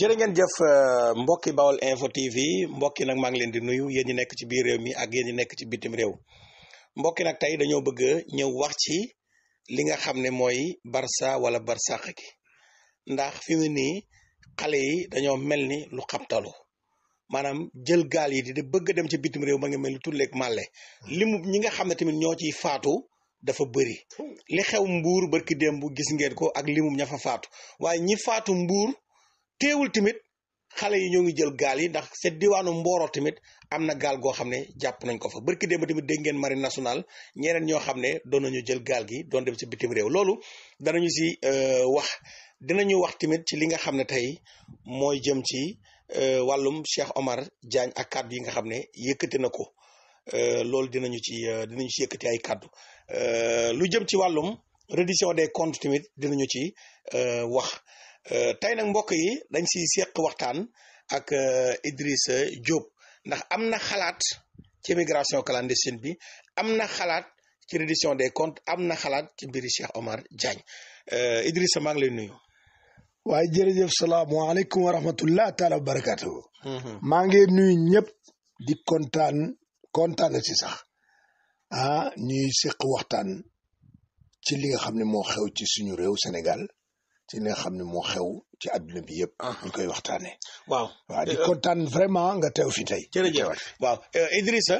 jërë ngeen jëf euh, mbokki Baol Info TV mbokki nag maa ngi leen di nuyu yéen ñi nekk ci biir réew mi ak yéen ñi nekk ci bitim réew mbokki nag tey dañoo bëgg ñëw wax ci li nga xam ne mooy Barça wala Barsàq gi ndax fi mu nii xale yi dañoo mel ni lu xabtalu maanaam jël gaal yi di de bëgg dem ci bitim réew ma ngi mel ni tulleeg màlle limu ñi nga xam ne tamit ñoo ciy faatu dafa bëri li xew mbuur barki bu gis ngeen ko ak limum ña fa faatu waaye ñi faatu téwul tamit xale yi ñoo ngi jël gaal yi ndax seen diwaanu Mboro tamit am na gaal goo xam ne jàpp nañ ko fa barki démb tamit dégg ngeen marine nationale ñeneen ñoo xam ne doon nañu jël gaal gi doon dem si bitim réew loolu danañu si euh, wax dinañu wax tamit ci li nga xam ne tey mooy jëm ci euh, wàllum Cheikh Omar Diagne ak kàddu yi nga xam ne yëkkate na ko euh, loolu dinañu ci dinañu ci yëkkati ay kàddu lu jëm ci wàllum reddition des comptes tamit dinañu ci wax. Euh, tey nag mbokk yi dañ si seq waxtaan ak euh, Idrissa Diop ndax am na xalaat ci immigration clandestine bi am na xalaat ci reddition des comptes am na xalaat ci mbiri Cheikh Omar Diagne euh, Idrissa maa ngi lay nuyu. waaye jërëjëf salaamaaleykum wa rahmatullah taala wa barakaatu. Mm-hmm. maa ngi nuyu ñëpp di kontaan kontaan si sax ah ñuy seq waxtaan ci li nga xam ne moo xew ci suñu réew Sénégal. ci li xam ne moo xew ci adduna bi yëpp. ñu koy waaw waaw di euh, vraiment nga teew fi tey. jërëjëf waaw euh, Idrissa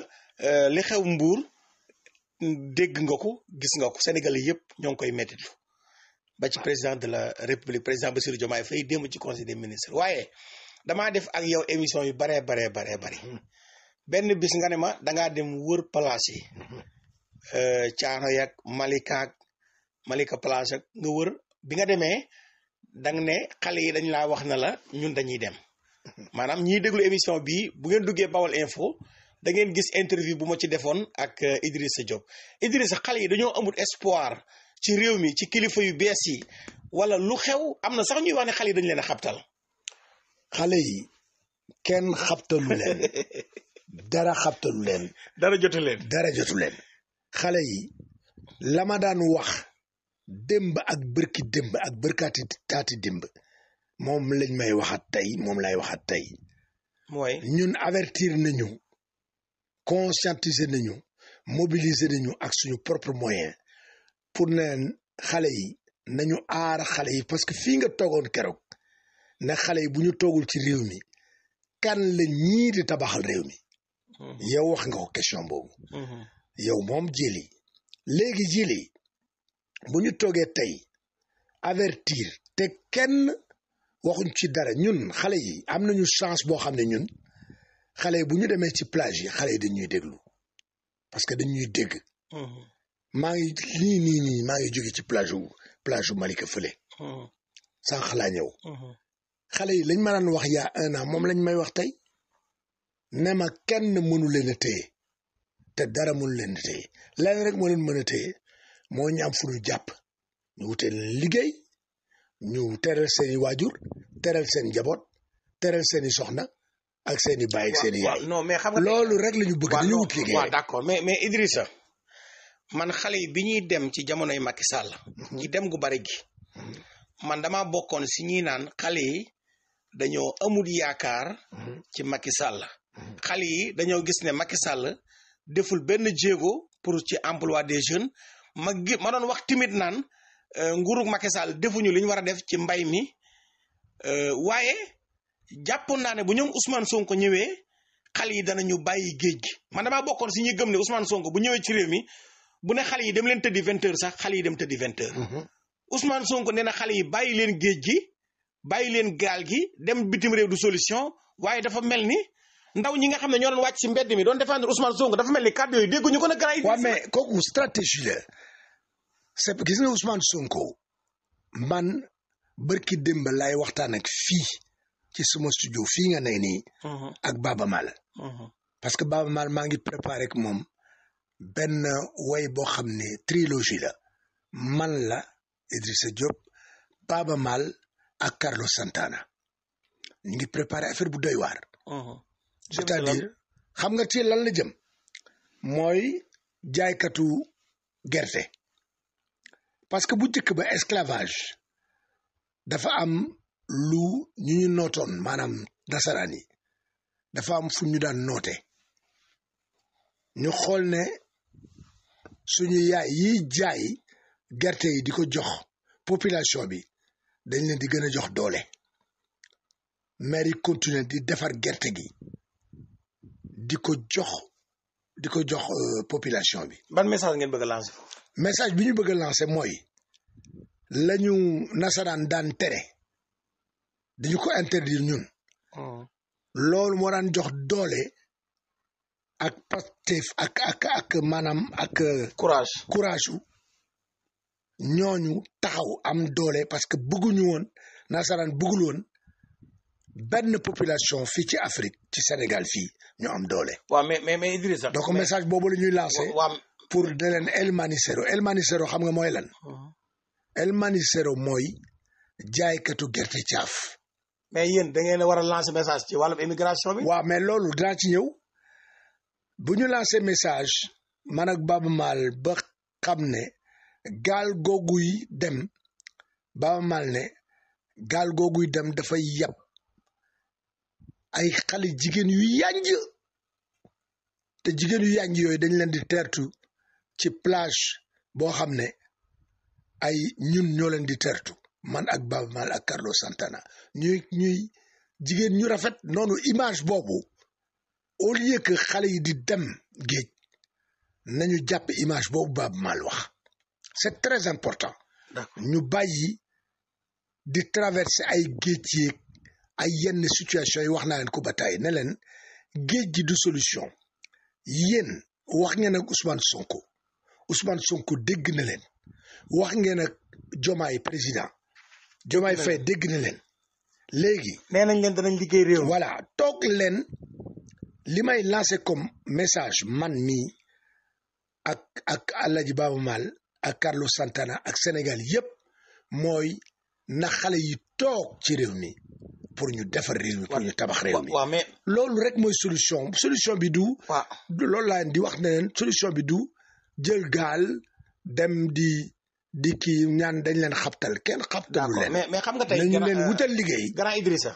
euh, li xew Mbour dégg nga ko gis nga ko Sénégalais yëpp ñoo ngi koy méttitu ba ci président de la république président Bassirou Diomaye Faye démb ci conseil des ministre waaye damaa def ak yow émission yu baree baree baree bari hmm. benn bis nga ne ma dangaa dem wër place yi. Caano hmm. Malika ak nga wër. bi nga demee danga ne xale yi dañ laa wax na la ñun dañuy dem maanaam ñiy déglu émission bi bu ngeen duggee Bawol info dangeen ngeen gis interview bu ma ci defoon ak euh, Idrissa Diop sa xale yi dañoo amul espoir ci réew mi ci kilifa yu bees yi wala lu xew am na sax ñuy wax ne xale yi dañ leen a xabtal xale yi kenn xabtalu leen dara xabtalu leen dara jotu leen jotu leen xale yi la ma daan wax démb ak bërki démb ak bërkaati taati démb moom lañ may waxaat tey moom lay waxaat tey mooy ñun avertir nañu conscientiser nañu mobiliser nañu ak suñu propre moyen pour ne xale yi nañu aar xale yi parce que fii nga toogoon keroog ne xale yi bu ñu toogul ci réew mi kan lañ ñii di tabaxal réew mi hmm. yow wax nga ko question boobu hmm. yow moom jëli léegi jëli bu ñu toogee tey avertir te kenn waxuñ ci dara ñun xale yi am nañu chance boo xam ne ñun xale yi bu ñu demee ci plage yi xale yi dañuy déglu parce que dañuy dégg. Mm-hmm. maa ngi nii nii nii maa ngi jóge ci plage wu plage wu Malika fële. Mm-hmm. sànq laa ñëw. Mm-hmm. xale yi lañ ma daan wax yaa un moom lañ may wax tey ne kenn mënu leen a téye te dara mënu leen a rek moo leen mën a téye moo ñu am fu ñu jàpp ñu wute liggéey ñu teral seeni waajur teral seen njaboot teral seeni soxna ak seeni baay ak seeni yaay. mais xam loolu rek la ñu bëgg dañu wut liggéey. waaw mais mais Idrissa man xale yi bi ñuy dem ci jamonoy Macky Sall. Mhm. ci dem gu bari gi. Mhm. man dama bokkoon si ñi naan xale yi dañoo amul yaakaar. Mhm. ci Macky Sall. yi dañoo gis ne Macky deful benn jéego pour ci emploi des jeunes ma gi ma wax timit naan euh, nguurug makesal defuñu li ñu war a def ci mbay mi euh, waaye jàppoon naa ne bu ñoom Ousmane Sonko ñëwee xale yi dana danañu bàyyi géej gi man damaa bokkoon si ñuy gëm ne Ousmane Sonko bu ñëwee ci réew mi bu ne xale yi dem leen tëddi vingt heures sax xale yi dem tëddi vingt heures. Mhm. Ousmane Sonko nee na xale yi bàyyi leen géej gi bàyyi leen gaal gi dem bitim réew du solution waaye dafa mel ni. ndaw ñi nga xam ne ñoo doon wàcc ci mi doon défendre Ousmane Sonko dafa mel ni kàddu yooyu dégguñu ko nag. gannaaw yi waaw mais kooku stratégie la c'est gis nga Ousmane Sonko man bërki démb laay waxtaan ak fii ci suma studio fii nga nay nii. Mhm. ak Baba Mal. Mhm. parce que Baba Mal maa ngi préparé ak moom benn way boo xam ne trilogie man la Idrissa Diop Baba Mal ak Carlos Santana ñu ngi préparé affaire bu doy waar. Mhm. cest xam nga ci lan la jëm mooy jaaykatu gerte parce que bu jëkk ba esclavage dafa am lu ñu ñu nootoon maanaam nasaraan yi dafa am fu ñu daan noote ñu xool ne suñu yaay yi jaay gerte yi di ko jox population bi dañ leen di gën a jox doole maire yi continuer di defar gerte gi di ko jox di ko jox euh, population bi. ban message ngeen bëgg a lancer. message bi ñu bëgg a mooy la nasaraan daan tere dañu ko interdire ñun. Hmm. loolu moo daan jox doole ak Pastef ak ak ak maanaam ak. Euh, courage courage su ñooñu taxaw am doole parce que bëgguñu woon nasaraan bëggul benn population fii ci Afrique ci Sénégal fii ñu am doole. waaw mais mais mais Idrissa. donc message boobu la ñuy lancé. pour de leen El Manicero El Manicero xam nga mooy lan. Uh-huh. El Manicero mooy jaaykatu gerte caaf. mais yéen da a war a lancer message ci wàllum immigration bi. waaw mais loolu dinaa ci ñëw bu ñu lancer message man ak Baaba ba xam ne gaal googuy dem Baaba Maal ne gaal googuy dem dafay yàpp. ay xale jigéen yu yànj te jigéen yu yànj yooyu dañ leen di tertu ci plage boo xam ne ay ñun ñoo leen di tertu man ak Baaba Maal ak Carlos Santana ñuy ñuy jigéen ñu rafet noonu image boobu au lieu que xale yi di dem géej nañu jàpp image boobu Baaba Maal wax c'est très important ñu bàyyi di traverser ay géej yeeg ay yenn situation yi wax naa leen ko ba tey ne leen géej gi du solution yéen wax ngeen ak Ousmane Sonko Ousmane Sonko dégg na leen wax ngeen ak Diomaye président Diomaye Faye dégg na leen léegi. nee nañ leen danañ liggéey réew. voilà toog leen li may lancé comme message man mii ak ak El Hadj mal Maal ak Carlos Santana ak Sénégal yépp mooy na xale yi toog ci réew mi. pour ñu defar réew mi pour ñu tabax réew mi. mais loolu rek mooy solution solution bi du. waaw loolu laa di wax ne solution bi du jël gaal dem di di kii ñaan dañ leen xabtal kenn xabtalu leen. mais mais xam nga tey dañu leen euh, wutal liggéey. grand Idrissa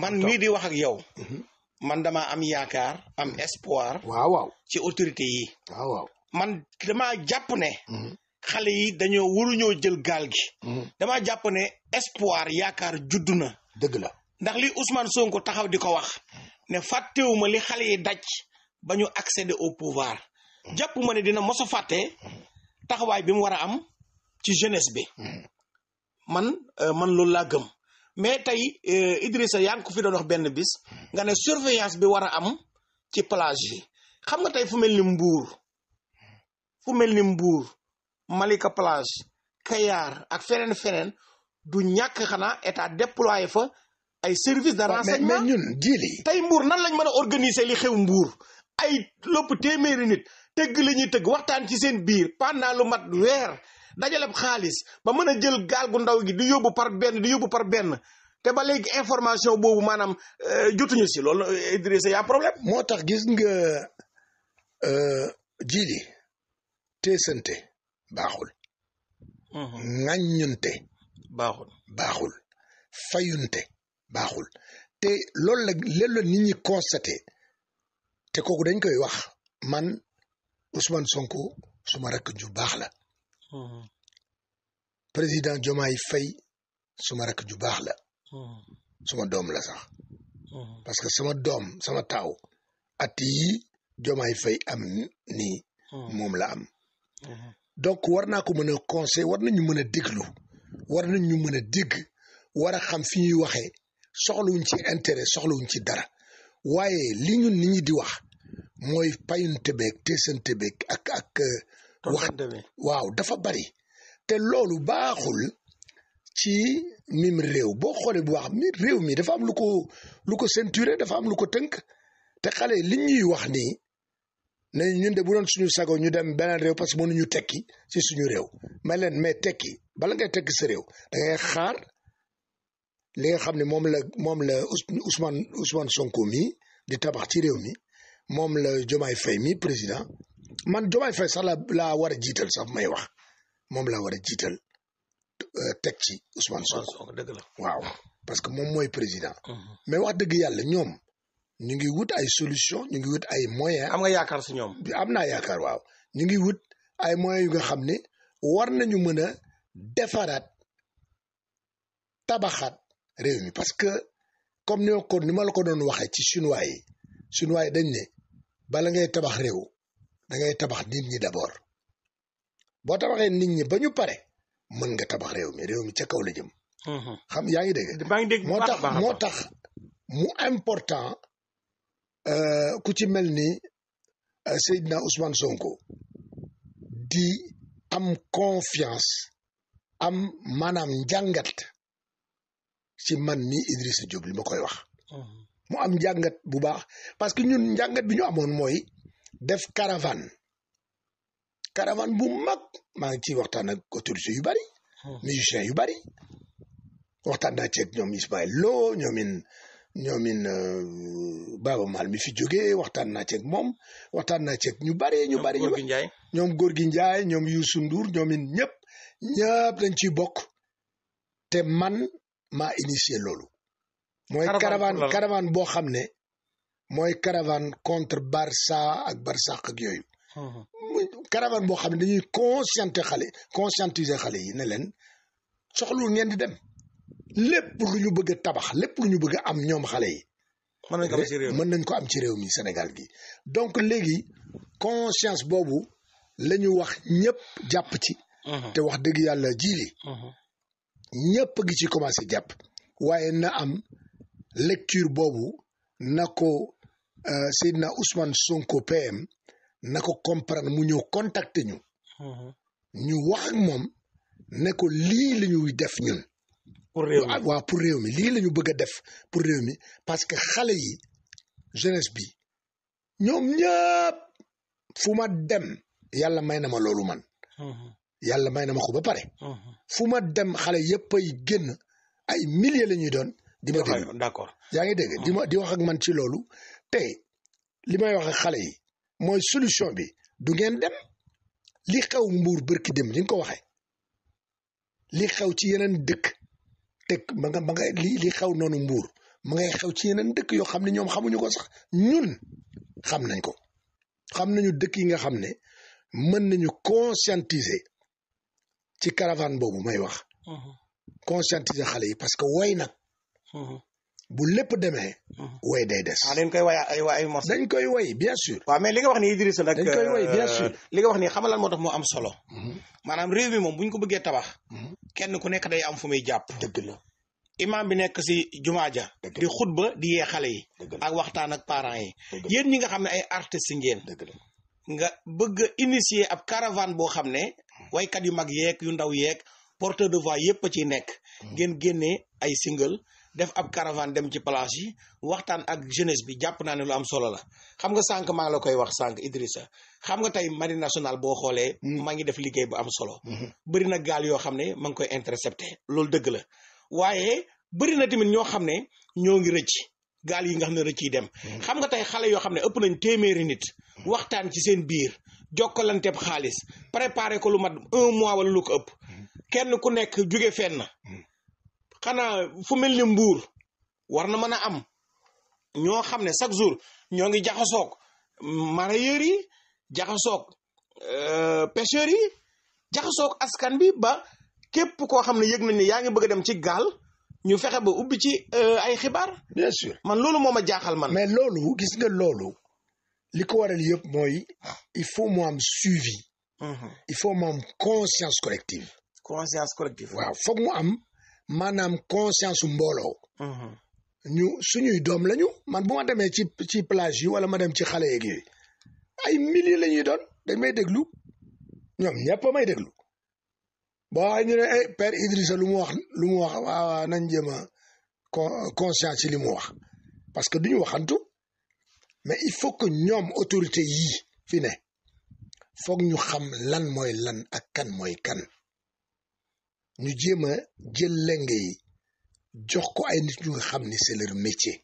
man mii di wax ak yow. Mhm. man dama am yaakaar am espoir. waaw waaw ci autorité yi. waw man damaa jàpp ne. Mhm. xale yi dañoo waruñoo jël gaal gi. Mhm. damaa jàpp ne espoir yaakaar juddu na. dëgg la ndax li Ousmane Sonko taxaw di ko wax ne fàttewuma li xale yi daj ba ñu accéder au pouvoir jàpp ma ne dina mos a fàtte taxawaay bi mu war a am ci jeunesse bi man euh, man loolu laa gëm mais tey euh, Idrissa yaa ngi ko fi benn bis nga ne surveillance bi war a am ci plage yi xam nga tey fu mel ni Mbour fu mel ni Mbour Malika plage Kayar ak feneen feneen du ñàkk xanaa état déployé fa ay service de renseignement mais ñun jili tey mbour nan lañ mën a organiser li xew mbour ay lopp téeméeri nit tëgg la ñuy tëgg waxtaan ci seen biir pendant lu mat weer dajaleb xaalis ba mën a jël gaal gu ndaw gi di yóbbu par benn di yóbbu par benn te ba léegi information boobu maanaam euh, jotuñu si loolu Idrissa yaa problème moo tax gis nga euh, jili teesante baaxul ŋàññunte baaxul baaxul fayunte baaxul te loolu la loolu la nit ñi constaté te kooku dañ koy wax man Ousmane Sonko suma rakk ju baax la. Mm-hmm. président yi fay suma rakk ju baax la. Mm-hmm. suma doom la sax. Mm-hmm. parce que sama doom sama taaw at joma yi fay am ni moom la am. donc war naa ko mën a conseil war nañu mën a déglu war ñu mën a dégg war a xam fi ñuy waxee soxlawuñ ci intérêt soxlawuñ ci dara waaye li ñun li ñu di wax mooy payunte beeg teesante beeg ak ak. Euh, wax waaw dafa bari te loolu baaxul ci mim réew boo xoolee bu wax mi réew mi dafa am lu ko lu ko ceinturé dafa am lu ko tënk te xale li ñuy wax nii ne ñun de bu doon suñu sago ñu dem beneen réew parce que ñu tekki ci suñu réew mais leen mais tekki bala ngay tekki sa réew da xaar. li nga xam ne moom la moom la Ousmane Ousmane Sonko mi di tabax ci réew mi moom la Jomaay Fay mi président man Jomaay Fay sax la laa war a jiital sax may wax moom laa war a jiital euh, teg ci Ousmane Sonko dëgg la waaw parce que moom mooy président mm-hmm. mais wax dëgg yàlla ñoom ñu ngi wut ay solution ñu ngi wut ay moyen am nga yaakaar si ñoom am naa yaakaar waaw ñu ngi wut ay moyens yu nga xam ne war nañu mën a defaraat tabaxaat réew mi parce que comme ni ma ko ni ma la ko doon waxee ci chinois yi dañ ne bala ngay tabax réew da ngay tabax nit ñi d'abord boo tabaxee nit ñi ba ñu pare mën nga tabax réew mi réew mi ca kaw la jëm. Mm-hmm. xam yaa ngi dégg. moo tax moo tax important euh, ku ci mel ni euh, Seydina Ousmane Sonko di am confiance am maanaam njàngat. ci man mii Idrissa Diop li ma koy wax. Mhm. mu am njàngat bu baax parce que ñun njàngat bi ñu amoon mooy def caravane caravane bu mag maa ngi ciy waxtaan ak autorités yu bari. Mhm. musiciens yu bari. waxtaan naa ci ak ñoom Ismaël Lo ñoomin ñoomin euh, Baba Maal mi fi jógee waxtaan naa ci ak moom waxtaan naa ci ak ñu bari ñu bari. ñoom Gorgui Ndiaye ñoom Youssou Ndour ñoomin ñëpp ñëpp dañ ciy bokk te man maa initié loolu. mooy caravane caravane boo xam ne. mooy caravane contre Barça ak Barsaq ak yooyu. Uh-huh. muy boo xam ne dañuy consciente xale conscientiser xale yi ne leen soxlu ngeen di dem. lépp lu ñu bëgg a tabax lépp lu ñu bëgg a am ñoom xale yi. mën nañ ko am ci réew mi mën nañ ko am ci réew mi Sénégal gi donc léegi conscience boobu la ñu wax ñëpp jàpp ci. Uh-huh. te wax dëgg yàlla jiili. Uh-huh. ñëpp gi ci commencé jàpp waaye na am lecture boobu na ko euh, Seydina Ousmane Sonko PM na ko comprendre mu ñëw contacter ñu. Mm-hmm. ñu wax ak moom ne ko lii la ñuy def ñun. pour réew mi ah, waaw pour réew mi lii ñu bëgg a def pour réew mi parce que xale yi jeunesse bi ñoom ñëpp fu ma dem yàlla may na ma loolu man. Mm-hmm. yàlla may na ma ko ba pare. fu ma dem xale yëpp ay génn ay milliers la ñuy doon. di ma dégg yaa ngi dégg di ma di wax ak man ci loolu te li may waxe xale yi mooy solution bi du ngeen dem li xew mbuur bërki dem li nga ko waxee li xew ci yeneen dëkk teg ma nga ma nga li li xew noonu mbuur mu ngay xew ci yeneen dëkk yoo xam ne ñoom xamuñu ko sax ñun xam nañ ko xam nañu dëkk yi nga xam ne mën nañu conscientiser ci caravane boobu may wax. Mhm. conscientiser xale yi parce que woy nag. Mhm. bu lépp demee. Mhm. way day des. ah dañ koy woy ay ay morceaux. dañ koy woy bien sûr. waaw mais li nga wax ni Idrissa nag. dañ koy euh, li nga wax ni xama lan moo tax moo am solo. maanaam réew mi moom bu ñu ko bëggee tabax. kenn ku nekk day am fu muy jàpp. dëgg la. imam bi nekk si jumaa ja di xutba di yee xale yi ak waxtaan ak parents yi yéen ñi nga xam ne ay artistes ngeen nga bëgg a initier ab caravane boo xam ne waykat yu mag yeeg yu ndaw yeeg porteur de voix yëpp a ciy nekk mm. ngeen génnee ay single def ab caravane dem ci palace yi waxtaan ak jeunesse bi jàpp naa ne lu am solo la xam nga sànq maa ngi la koy wax sànq Idrissa xam nga tey marine nationale boo xoolee mm. maa ngi def liggéey bu am solo mm-hmm. bëri na gaal yoo xam ne maa ngi koy intercepté loolu dëgg la waaye bëri na tamit ñoo xam ne ñoo ngi rëcc gaal yi nga xam ne rëcc yi dem mm. xam nga tey xale yoo xam ne ëpp nañ téeméeri nit waxtaan ci seen biir jokkalanteeb xaalis préparé ko lu mat un mois wala lu ko ëpp kenn ku nekk jóge fenn xanaa fu mel ni mbuur war na mën a am ñoo xam ne chaque jour ñoo ngi jaxasoog mareyeurs yi jaxasoog euh, pêcheurs yi jaxasoog askan bi ba képp koo xam ne yëg nañ ne yaa ngi bëgg a dem ci gaal ñu fexe ba ubbi ci euh, ay xibaar. bien man loolu moom a jaaxal man. mais loolu gis nga loolu. li ko waral yëpp mooy il faut mu am suivi. Mhm. il faut moom am conscience collective. conscience collective. waaw foog mu am maanaam conscience mbooloo. Mhm. ñu suñuy doom lañu man bu ma demee ci ci plage yi wala ma dem ci xale yeeg ay milliers la ñuy doon dañ may déglu ñoom ñëpp may déglu boo ñu ne eh père Idrissa lu mu wax lu mu wax waaw nañ jéem a conscience ci li mu wax parce que duñu mais il faut que ñoom autorité yi fi ne foog ñu xam lan mooy lan ak kan mooy kan ñu jéem a jël lenge yi jox ko ay nit ñu nga xam ni c'est leur métier.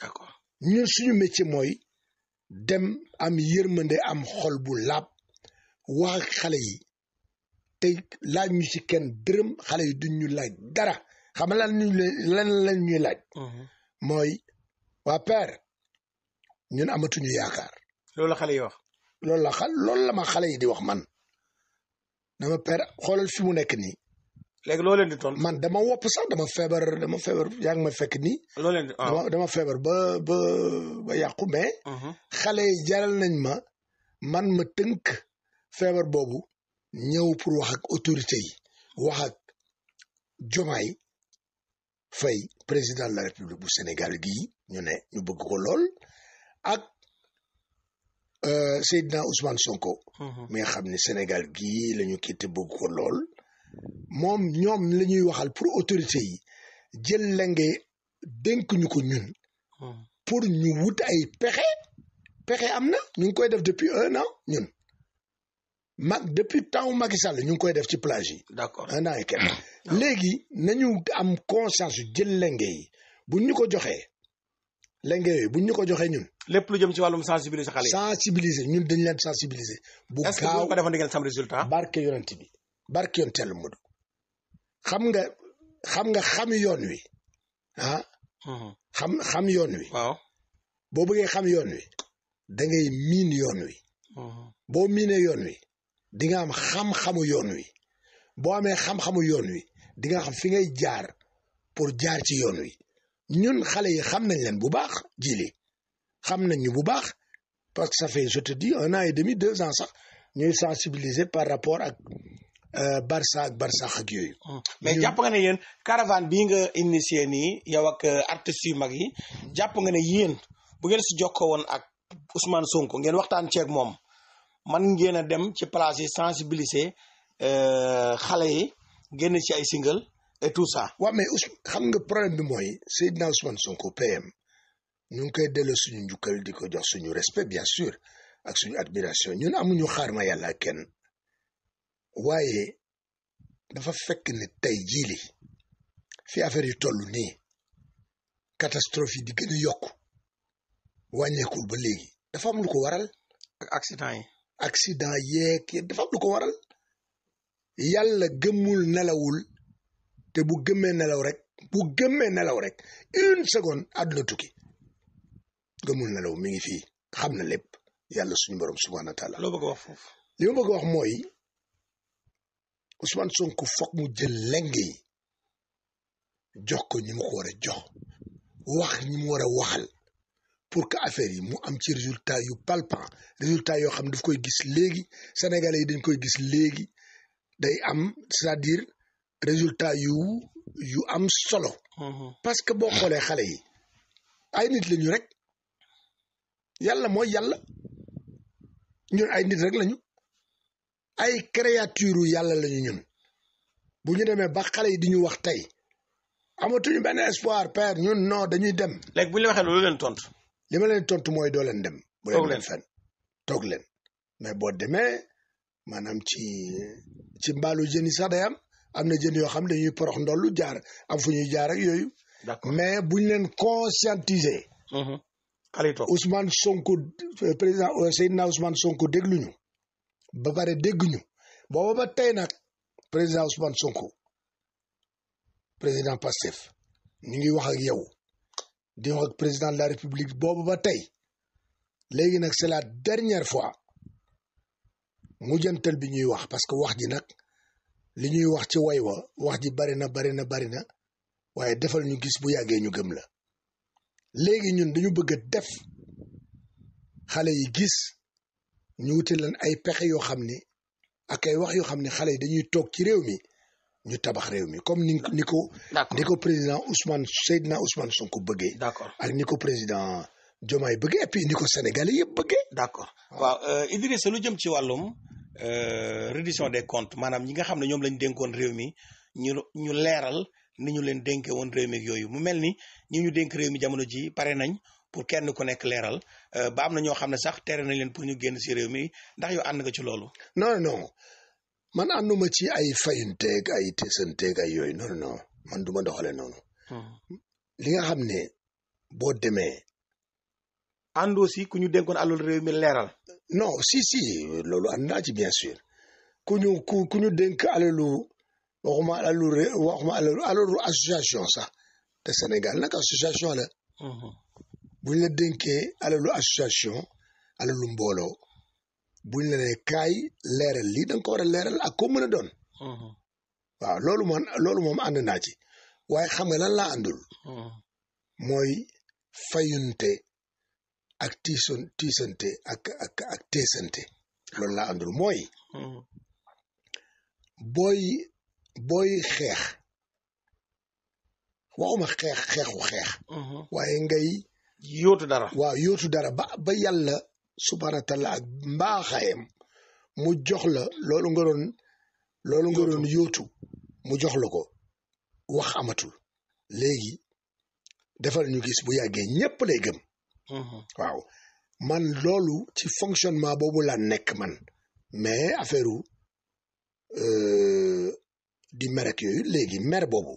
d'accord ñun suñu métier mooy dem am yërmande am xol bu laab wax xale yi te laaj ñu ci kenn bërëm xale yi duñ ñu laaj dara xam lan ñu lan lañ ñuy laaj. Mm-hmm. mooy waa père. ñun amatuñu yaakaar. loolu la xale yi wax. loolu la xal loolu la ma xale yi di wax man dama per xoolal fi mu nekk nii. léegi loo leen man dama wopp sax dama feebar dama feebar yaa ngi ma fekk nii. loo leen dama dama feebar ba ba ba yàqu mais. Mhm. xale yi jaral nañ ma man ma tënk feebar boobu ñëw pour wax ak autorité yi wax ak Diomaye Faye président la république bu Sénégal gii ñu ne ñu bëgg ko lool. ak euh, Seydina Ousmane Sonko. Mm-hmm. mi nga xam ni Sénégal gii lañu ñu kitte ko lool. moom ñoom la ñuy waxal pour autorité yi jël la nga ko ñun. Mm-hmm. pour ñu wut ay pexe pexe am na ñu ngi koy def depuis un an ñun mag depuis temps Macky Sall ñu ngi koy def ci plage yi. d'accord un an et quelques. Ah. léegi nañu am conscience jël lenge yi bu ñu ko joxee lenge yooyu buñ ñu ko joxee ñun. lépp lu jëm ci wàllum sensibiliser xale yi. sensibiliser ñun dañ leen sensibiliser. bu gaaw est-ce que bu ko defoon di ngeen sam résultat. barke yonent bi barke yoon teel mu xam nga xam nga xam yoon wi ah. Mhm. xam xam yoon wi. boo bëggee xam yoon wi da ngay miin yoon wi. Mhm. boo miinee yoon wi di nga am xam yoon wi boo amee xam yoon wi di nga xam fi ngay jaar pour jaar ci yoon wi. ñun xale yi xam nañ leen bu baax jili xam nañ ñu bu baax parce que ça fait je te dis un an et demi deux ans sax ñuy sensibiliser par rapport ak euh, Barça ak Barsax ak yooyu. Mm. mais jàpp nga ne yéen nga initié nii yow ak euh, artistes yu mag yi jàpp nga ne yéen bu ngeen si jokkoo woon ak Ousmane Sonko ngeen waxtaan ceeg moom man ngeen a dem ci place yi sensibiliser euh, xale yi génn ci ay single. et tout ça. waaw mais xam nga problème bi mooy Seydina Ousmane Sonko PM ñu ngi koy delloo suñu njukkal di ko jox suñu respect bien sûr ak suñu admiration ñun amuñu xaar ma yàlla kenn waaye dafa fekk ne tey jii li fi affaire yu toll nii catastrophe yi di gën a yokku ba léegi dafa am lu ko waral. ak accident yi. accident yeeg dafa nelawul. te bu gëmmee nelaw rek bu gëmmee nelaw rek une seconde àdduna tukki gëmul nelaw mi ngi fii xam na lépp yàlla suñu borom subhaana taala. loo bëgg a wax mooy Ousmane Sonko foog mu jël leng jox ko ñi mu ko jox wax ñi mu war a waxal pour que affaire yi mu am ci résultat yu palpant résultat yoo xam daf koy gis léegi sénégalais yi dañ koy gis léegi day am c'est-à-dire. résultat yu yu am solo. Mm-hmm. parce que boo xoolee xale yi ay nit lañu rek yàlla mooy yàlla ñun ay nit rek lañu ay créature yàlla lañu ñun bu ñu demee ba xale yi di ñu wax tey amatuñu benn espoir père ñun non dañuy dem. léegi bu ñu la waxee loolu leen tontu. li ma leen tontu mooy doo leen dem. bu leen leen fenn toog leen mais boo demee maanaam ci ci mbaalu jën yi am na jën yoo xam ne dañuy porox ndollu jaar fu ñuy jaar ak yooyu. d'accord mais buñ leen conscientiser. Mm-hmm. xale yi toog Ousmane Sonko euh, président euh, Seydina sonku Sonko déglu ñu ba pare dégg ñu booba ba tey nag président Ousmane Sonko président Pastef ñu ngi wax ak yow di wax président de la république boobu ba tey léegi nag c'est la dernière fois mujjantal bi ñuy wax parce que wax ji nag. li ñuy wax ci way wa wax ji bari na bari na bari na waaye defal ñu gis bu yàggee ñu gëm la léegi ñun dañu bëgg def xale yi gis ñu wuti leen ay pexe yoo xam ni ak ay wax yoo xam ne xale yi dañuy toog ci réew mi ñu tabax réew mi comme ni ni ko ni ko président Ousmane Seydina Ousmane Sonko bëggee d'accord ak ni ko président Diomaye bëggee et puis ni ko Sénégalais yëpp bëggee d'accord waaw euh, Idrissa lu jëm ci wàllum Euh, reddition des comptes maanaam ñi nga xam ne ñoom lañ denkoon réew mi ñu ñu leeral ni ñu leen dénke woon réew mi yooyu mu mel ni ñi ñu dénk réew mi jamono ji pare nañ pour kenn ku nekk leeral euh, ba am na ñoo xam ne sax tere nañ leen pour ñu génn si réew mi ndax yow ànd nga ci loolu. non non man ànduma ci ay fayunteeg ay tesanteeg ay yooyu non no man du ma doxalee noonu. Hmm. li nga xam ne boo demee. ànd aussi ku ñu dénkoon alal réew mi leeral. non si si loolu am naa ci bien sûr ku ñu ku ku ñu dénk alalu waxuma alalu ré waxuma alalu alalu association sax te Sénégal nag association la. Mhm. buñ la dénkee alalu association alalu mbooloo buñ la nee kaay leeral lii da ko war a leeral ak koo mën a doon. Mhm. waaw loolu man loolu moom ànd naa ci waaye xam nga lan laa àndul. Mhm. mooy fayunte ak tiisoon tiisante ak ak ak teesante loolu laa àndul mooy hmm. booy booy xeex waxuma xeex xeexu xeex hmm. waaye ngay yóotu dara waaw yóotu dara ba ba yàlla subhaana taala ak mbaaxaayam mu jox la loolu nga doon loolu nga doon yóotu mu jox la ko wax amatul léegi defal ñu gis bu yàggee ñépp lay gëm Mm-hmm. waaw man loolu ci fonctionnement boobu la nekk man mais affaire u euh, di mer yooyu léegi mer boobu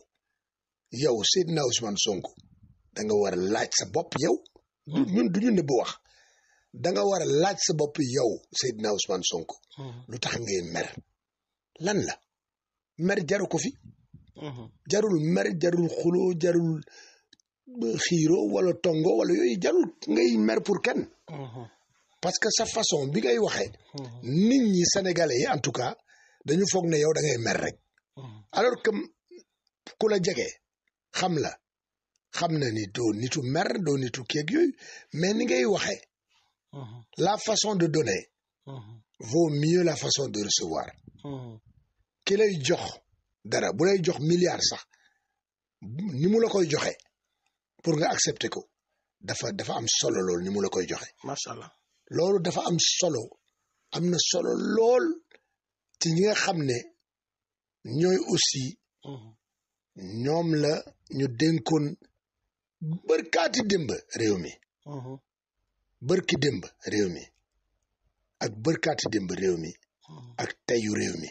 yow Seydina Ousmane Sonko da nga war laaj sa bopp yow. Mm-hmm. ñun du ñu nëbb wax danga nga laaj sa bopp yow Seydina Ousmane Sonko. Mm-hmm. lu tax ngay mer lan la mer jaru ko fi. jarul mer jarul xuloo jarul xiiro wala tongo wala yooyu jarul ngay mer pour kenn. Uh-huh. parce que sa façon bi ngay waxe uh-huh. nit ñi sénégalais yi en tout cas dañu foog ne yow da ngay mer rek. Uh-huh. alors que ku la jege xam la xam na ni doo nitu mer doo nitu keeg yooyu mais ni ngay waxee. la façon de donner. vaut mieux la façon de recevoir. ki lay jox dara bu jox milliard sax ni mu la koy joxe. pour nga accepter ko dafa dafa am solo lool ni mu la koy joxe. macha loolu dafa am solo am na solo lool ci ñi nga xam ne ñooy aussi. Mhm. ñoom la ñu dénkoon bërkaati dëmb réew mi. Mhm. bërki démb réew mi ak bërkaati dëmb réew mi. Mhm. ak teyu réew mi.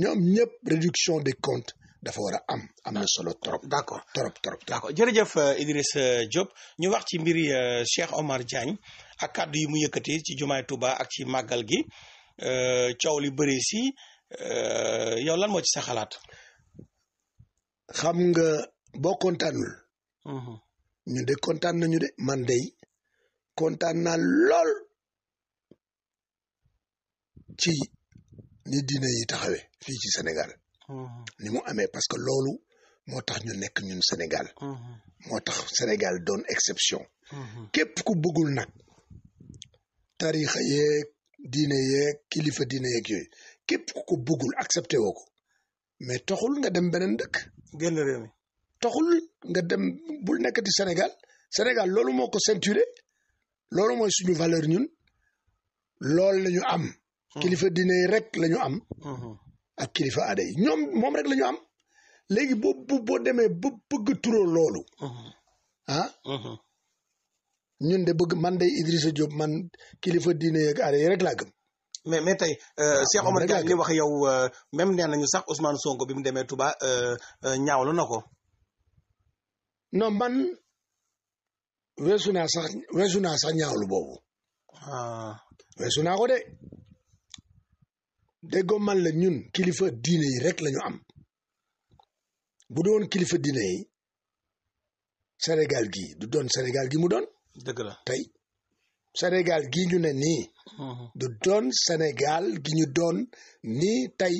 ñoom ñëpp réduction des comptes dafa war a am am na solo trop. d' accord trop trop. d' accord jërëjëf euh, Idriss euh, Diop ñu wax ci mbiri euh, Cheikh Omar Diagne ak kàddu yi mu yëkkati ci jumaay Touba ak ci màggal gi coow li bëri si yow lan moo ci sa xalaat. xam nga boo kontaanul. Mhm. ñu de kontaan nañu de man dey kontaan na lool ci ni diine yi taxawe fii ci Sénégal. Uh-huh. ni mu amee parce que loolu moo tax ñu nekk ñun Sénégal uh-huh. moo tax Sénégal doon exception uh-huh. képp ku bëggul nag tarixa yeeg diine yeeg kilifa diine yeeg yooyu képp ku bëggul accepté woo ko mais toxul nga dem beneen dëkk génn réew nga dem bul nekkati Sénégal Sénégal loolu moo ko ceinturé loolu mooy suñu valeur ñun loolu lañu am kilifa diine yi rek la ñu am ak kilifa aada yi ñoom moom rek la ñu am léegi bo boo demee ba bëgg turoo loolu. Uh-huh. ah. Uh-huh. ñun de bëgg man de Idrissa Diop man kilifa diine yeeg aada yi rek laa gëm. mais mais tey euh, ah, Cheikh Omar Diagne li wax yow euh, même nee nañu sax Ousmane Sonko bi mu demee Touba euh, ñaawlu na ko. no man weesu naa sax weesu sax ñaawlu boobu. Ah. weesu naa ko de. déggoo man la ñun kilifa diine yi rek lañu am bu doon kilifa diine yi Sénégal gii du doon senegal gi mu doon. dëgg la tey senegal gii ñu ne nii. Mm-hmm. du doon gi ñu doon ni tey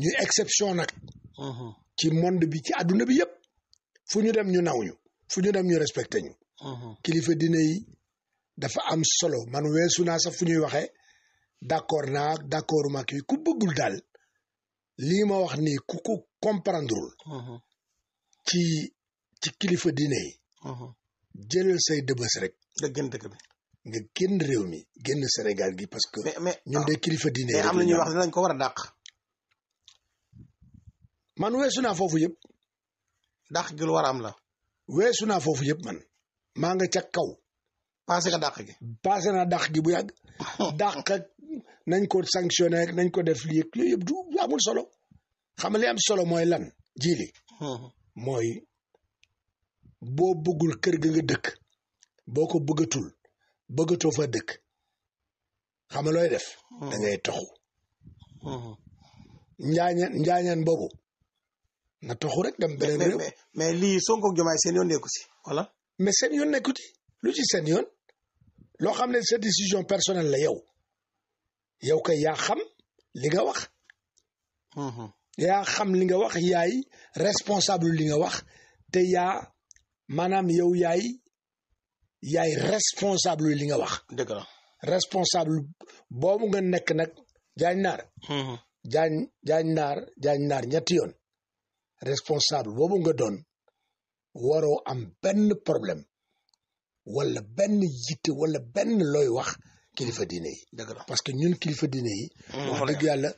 ñu exception nag. Mm-hmm. ci monde bi ci àdduna bi yëpp fu ñu dem ñu naw ñu fu ñu dem ñu respecté ñu. Mm-hmm. kilifa diine yi dafa am solo man weesu naa sax fu ñuy waxee. d'accord na d'accord ma kii ku bëggul daal lii ma wax nii ku ku uh-huh. ci ci kilifa diine yi uh-huh. jëlal say dëbës rek nga génn réew mi génn Sénégal gi parce que ñun de ah, kilifa diine yi am na ñuy wax dinañ ko war a dàq man weesu foofu yëpp dàq gi lu am la weesu naa foofu yëpp man maa nga ca kaw paase nga dàq gi paase naa bu yàgg dàq nañ ko sanctionné nañ ko def lii yooyu yëpp du amul solo xam li am solo mooy lan ji li uh-huh. mooy boo bëggul kër ga nga dëkk boo ko bëggatul bëggatoo fa dëkk xam looy def uh-huh. dangay ngay toxu uh-huh. njaañeen njaañeen boobu na toxu rek dem beneen réew mais lii Sonko ak Diomaye seen yoon nekku si voilà mais seen yoon nekku ci seen yoon loo xam ne sa décision personnelle la yow yow kay yaa xam li nga wax. Mm-hmm. yaa xam li nga wax yaay responsable li nga wax te yaa maanaam yow yaay yaay responsable li nga wax. dëgg la responsable boobu nga nekk nag jaañ naar. Mm-hmm. jaañ jaañ naar jaañ naar ñetti yoon responsable boobu nga doon waroo am benn problème wala benn yitte wala benn looy wax. kilifa diine yi. dëgg parce que ñun kilifa diine yi. Mm, wax dëgg yàlla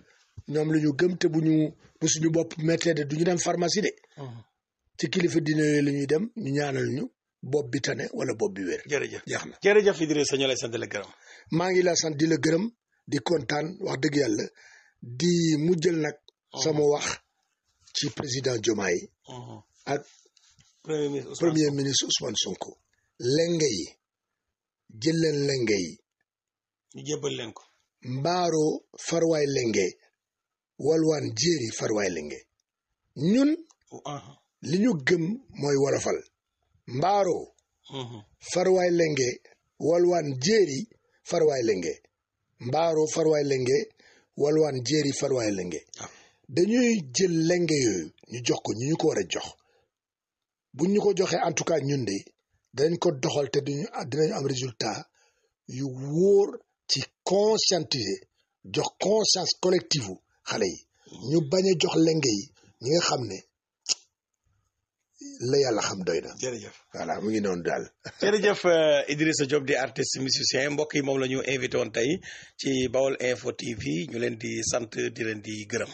ñoom la ñu gëm bu ñu bu suñu bopp méttee du ñu dem pharmacie de. Mm. ci kilifa diine yooyu ñuy dem ñu ñaanal ñu bopp bi tane wala bopp bi wér. jërëjëf jeex na jërëjëf Idrissa ñu lay sant la gërëm. maa ngi la sant di la gërëm di kontaan wax dëgg yàlla di mujjal nag. Mm. sama wax ci président Diomaye. Mm-hmm. ak premier ministre Ousmane Sonko. lenge yi jël leen ñu jébbal ko mbaaro farwaay lenge walwaan jéeri farwaay lenge ñun uh-huh. li ñu gëm mooy wolofal mbaaro uh-huh. farwaay lenge walwaan jéeri farwaay lenge mbaaro farwaay lenge walwaan jéeri farwaay lenge ah. dañuy jël lenge yooyu ñu jox ko ñu ñu ko war a jox bu ñu ko joxee en tout cas ñun de dañ ko doxal te duñu dinañu am résultat yu wóor ci conscientiser jox conscience collective xale yi ñu bañ a jox lenge yi ñi nga xam ne la yàlla xam doy na. jërëjëf voilà mu ngi noonu daal. jërëjëf euh, Idrissa Diop di artiste musicien mbokk yi moom la ñu invité woon tey ci Baol Info TV ñu leen di sant di leen di gërëm.